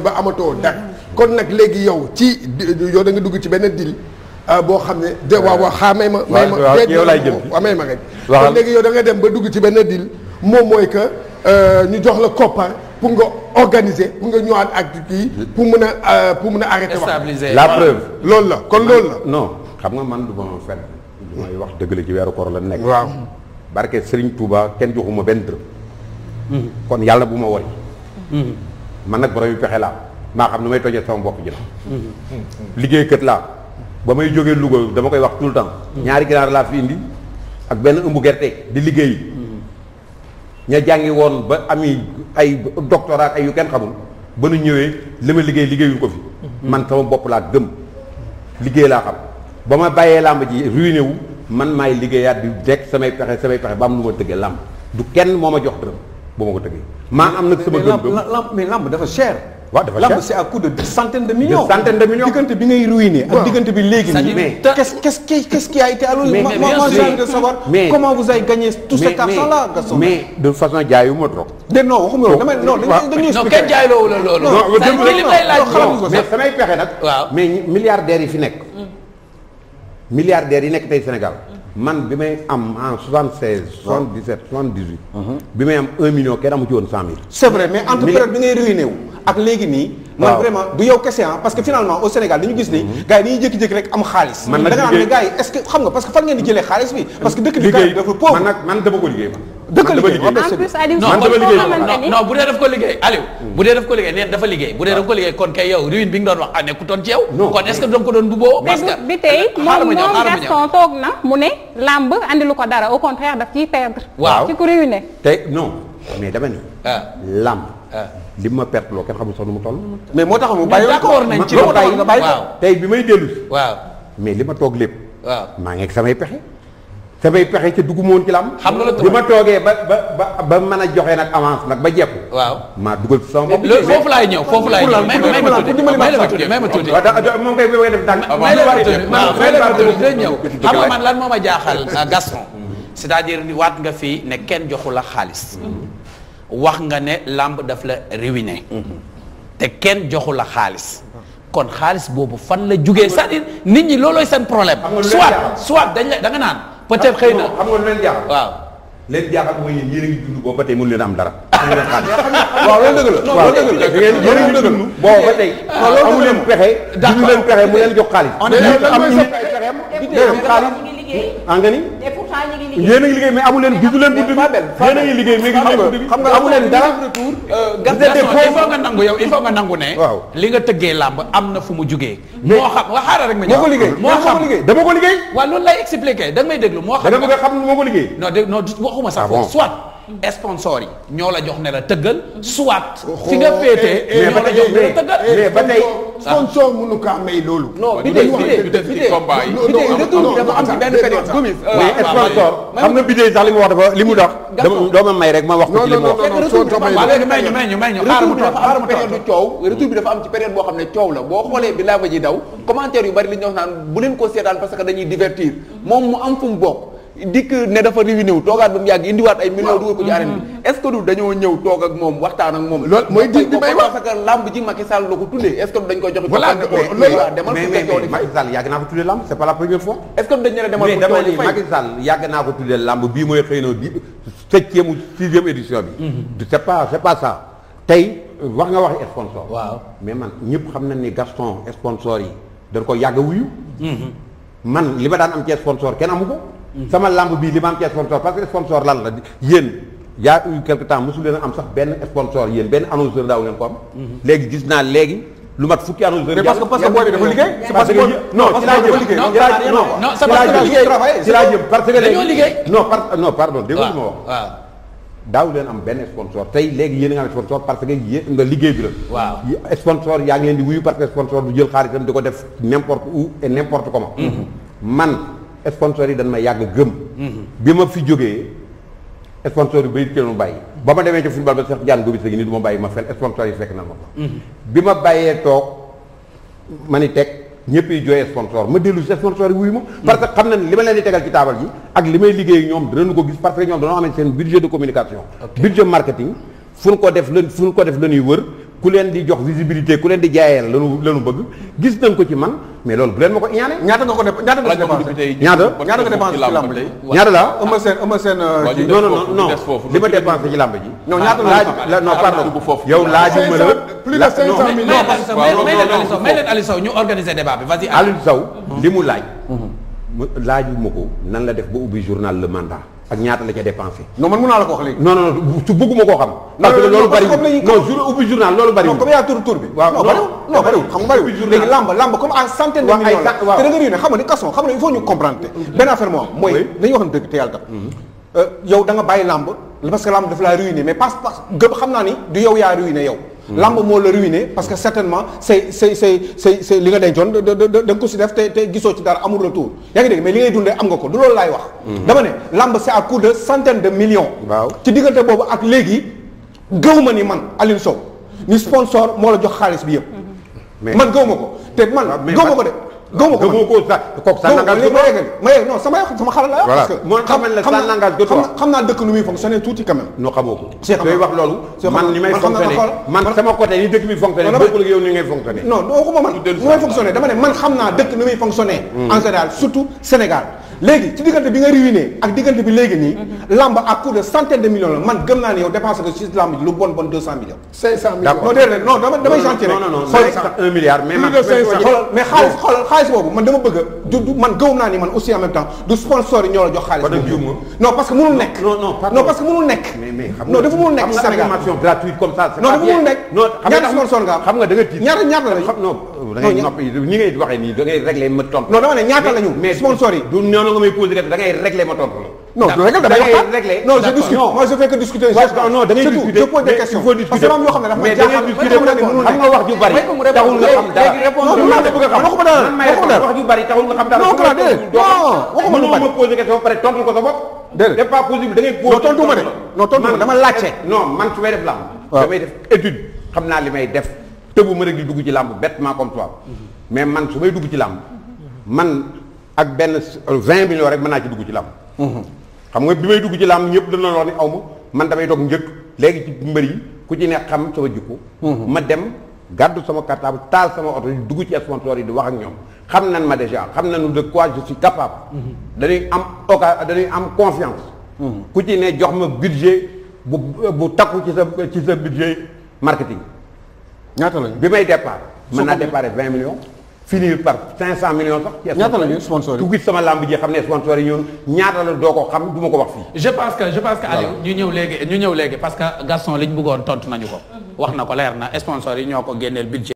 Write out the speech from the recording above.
ba amatoo dara kon nag léegi yow ci yow da nga dugg ci benn dil ah, boo xam ne de waaw waaw xaa may ma may ma waaw may ma rek kon léegi yow da dem ba dugg ci benn dil moom mooy que euh, ñu jox la koppar pour nga organiser pour nga ñëwaat ak kii pour mën a euh, pour mën a arrêter wax la preuve loolu la kon loolu la non xam nga man du ma fen du may wax dëgg la ci weeru koor la nekk waaw barke Serigne Touba kenn joxuma benn dërëm mm-hmm. kon yàlla bu ma wari man nag borom yi pexe laa maa xam nu may tojee sama bopp ji la liggéeykat laa ba may jógee Louga dama koy wax tout le ñaari ganaar laa fi indi ak benn ëmb gerte di liggéey ña jàngi woon ba ami ay doctorat ay yu kenn xamul ba nu ñëwee li ma liggéey liggéeyuñ ko fi man sama bopp laa gëm liggéey laa xam ba ma bàyyee làmb ji ruiné wu man maay liggéeyaat di dekk samay pexe samay pexe ba am lu ma tëggee làmb du kenn moo ma jox dërëm ba ma ko tëggee. maa am nag sama gëm-gëm mais lamb dafa cher. waaw dafa cher lamb c'est à coup de centaine de millions. diggante bi ngay ruiné. ak diggante bi léegi nii. mais quest qu'est-ce quest qui a été alors. mais mais moi j'ai envie de savoir comment vous avez gagné mais de façon jaayu ma de non waxuma loolu damay non dañuy expliqué. jaay loowu la loolu. non laaj mais samay pexe nag. waaw mais milliardaires yi fi nekk. Mm. milliardaires yi nekk tey Sénégal man bi may am en soixante seize. soixante dix sept soixante dix huit. Mhm. bi may am un million kenn amu ci woon cent mille. c'est mais entre bi ngay ruiné wu ak léegi nii. man vraiment du yow kese ah, parce que finalement au Sénégal dañu gis ni. Mhm. gars yi dañuy jékki-jékki rek am xaalis. man nag da nga naan ne yi est xam nga parce que fan ngeen di jëlee xaalis bi. parce que dëkk bi dafa pauvre man nag man dama ko liggéey dëkk liggéey en plus Aliou non non bu dee daf ko liggéey Aliou bu dee daf ko liggéey neen dafa liggéey bu dee daf ko liggéey kon kay yow ruine bi nga doon wax ah nekkutoon ci yow kon est-ce que ko doon bu mu ne làmb andi ko dara au mais ah. Ah. li ma perte loo mais moo tax mu bàyyi d'accord nañ ci nga bàyyi tey bi may dellu waaw mais li ma toog lépp maa ngi ak samay pexe samay pexe ca dugg moon ci lam xam nga bi ma toogee ba ba ba mën a joxe nag avance nag ba jekku waaw maa dugal ci sama bopp foofu laay ñëw foofu laay ñëw may ma tuuti may ma tuuti moom kay bëgg def tànk may la tuuti may la tuuti dina ñëw xam nga man lan moo ma jaaxal euh, Gaston c'est-à-dire ni waat nga fii ne kenn joxu la xaalis wax nga ne làmb daf la ruiné te kenn joxu la xaalis kon xaalis boobu fan la jugee c'est-à-dire nit ñi loolooy seen problème soit soit dañ la da nga naan peut-être xëy na xam nga lu leen jaaxal waaw leen jaaxal mooy yéen yéen a ngi dund boobu ba tey mënu leen am dara amu leen xaalis waaw loolu dëgg la waaw loolu dëgg la yéen a ngi dund boobu ba tey mu leen jox xaalis am a ngi liggéey mais amu bi. yéen a ngi liggéey mais gisu leen bunt bi. xam nga amu leen dara. il faut nga nangu yow na fu mu jugee. moo xam waa xaaral rek ma ñëw. moo moo xam dama ko liggéey. waaw loolu lay expliqué da may déglu moo xam. da nga bëgg a xam moo ko liggéey. non dé non waxuma sax foofu soit. sponsor yi ñoo la jox ne la tëggal. soit fi nga féetee. ñoo la jox ne la tëggal mais ba tey sponsor mënu kaa may loolu. non bidee bidee bidee retour dafa am ci benn période Gomis. mais sponsor xam nga bidee sax li mu wax dafa li mu dox. doo ma may rek ma wax ko ci li mu wax. non bi dafa am ci période boo xam ne coow la boo mm-hmm. xoolee bi laa ba ji daw commentaire yu bari li ñu wax naan bu leen ko seetaan parce que dañuy divertir mm-hmm. moom mu am fu mu bokk dikk ne dafa réunion toogaat ba mu yàgg indiwaat ay millions dugal ko ci arène bi mm-hmm. est-ce que du dañoo ñëw toog ak moom waxtaan ak moom loolu mooy di bi may wax parce que lamb ji Macky Sall la ko tuddee est-ce que du dañ koy joxe voilà demal Macky Sall yàgg naa ko tuddee lamb c'est pas la première fois est-ce que du dañ ne demal mais dama ni Macky Sall yàgg naa ko tuddee lamb bii mooy xëy na bi septième ou sixième édition bi mm-hmm. c'est pas c'est pas ça tey wax nga wax sponsor waaw mais man ñëpp xam nañ ni Gaston sponsor yi dañ ko yàgg wuyu mm-hmm. man li ma daan am ci sponsor kenn amu ko sama lamb bii li ma sponsor parce que sponsor lan la yéen yaa eu quelque temps mosul am sax benn sponsor yéen benn annonceur daaw leen ko am. léegi gis naa léegi. lu mat fukki annonce mais parce que parce que booy bi dafa liggéey. parce que non ci laa parce que léegi par non pardon dégg nga wax. daaw leen am benn sponsor tey léegi yéen a nga am sponsor parce que yéen nga liggéey bi la. waaw sponsor yaa ngi leen di wuyu parce que sponsor du jël xaalisam di ko def n'importe où et n'importe comment. man. sponsor yi dañ ma yàgg gëm. bi ma fi jógee sponsor yi bay teelu bàyyi. ba ma demee ci football ba sax jaan gubi sëgi ni du ma bàyyi ma fel sponsor yi fekk na ma ma bàyyee toog ma ni teg ñëpp yi jooy sponsor parce que xam na li ma leen di tegal ci taabal ji ak li may liggéey ñoom dinañu ko gis parce que ñoom dañoo xam ne seen budget de communication. budget marketing fu ñu ko def la fu ñu ko def la ñuy wër. ku leen di jox visibilité ku leen di jaayal lanu lanu bëgg gis nañ ko ci man mais loolu bu leen ma ko ñaane ñaata nga ko def ñaata nga ko dépensé ñaata ñaata nga dépensé ci làmb ji ñaata la ëmb seen ëmb seen euh, non non non li la non ah, ah, ah, pardon yow laaju ma la plus de 500 millions may leen li mu laaj mhm. laaju ko nan la def ba ubbi journal Le Mandat ak ñaata la ca dépensé. non man mën naa la ko wax léegi. non non su bëgguma koo xam. parce loolu bari non jour ubbi journal loolu làmb làmb comme à centaine de millions la te da nga ne xam ni kaso xam nga il faut ñu comprendre te. benn affaire moo mooy dañuy waxoon dëgg te yàlla tam. Mhm. Euh, yow da bàyyi làmb parce làmb daf laa ruiné mais pas pas gëm xam naa ni du yow yaa ruiné yow Mm. lamb moo la ruiné parce que certainement say say say say say li nga dencoon da nga ko si def te te gisoo ci dara amul retour yaa ngi dégg mais li ngay dundee am nga ko du loolu laay wax mm. dama ne lamb c'est à coup de centaines de millions waaw ci diggante boobu ak léegi gëw ma ni man Alioune Sow ni sponsor moo la jox xaalis bi yëpp mm-hmm. man gëw ma ko te man gëw ma ko de gëmoo ko gëmoo ko mais non sama sama xalaat la parce que moo xamal la sa langage de xam naa dëkk nu muy tuuti quand même non xamoo ko wax loolu man ni may fonctionné man sama côté ni dëkk bi fonctionné bokkul ak yow ni ngay naa dëkk nu muy fonctionné hmm. en général surtout Sénégal léegi ci diggante bi nga ruiné ak diggante bi léegi nii. Mhm. lamb à coup de centaine de millions la man gëm naa ne yow dépensé ko ci lamb lu bon bon deux cent millions. cinq cent millions nga ne ñaata lañu. sponsor yi question nga may posé da ngay régler ma tontu la. non du régler da ngay régler non dama laajte non man su def lamb damay étude xam naa li may def tëbu ma rek di dugg ci làmb comme toi mais man su may dugg ci ak benn vingt millions rek mën naa ci dugg ci làmb xam nga bi may dugg ci làmb ñëpp dañu la wax ne man damay toog njëkk léegi ci mbër yi ku ci ne xam sama jikko mhm. ma dem gàddu sama cartable taal sama oto dugg ci sponsor yi di wax ak ñoom xam nañ ma déjà xam nañu de quoi je suis capable mhm. dañuy am oka dañuy am confiance mhm. ku ci ne jox ma budget bu bu takku ci sa ci sa budget marketing ñaata la bi may départ mën naa départ vingt millions finir par 500 millions sax. ñaata la ñuy sponsor yi xam ne sponsor yi ñun ñaata la xam du ma wax fii. je pense que je pense que Aliou ñu ñëw léegi ñu ñëw léegi parce que Gaston li ñu bëggoon tontu nañu ko. wax na ko leer na sponsor yi ñoo ko génneel budget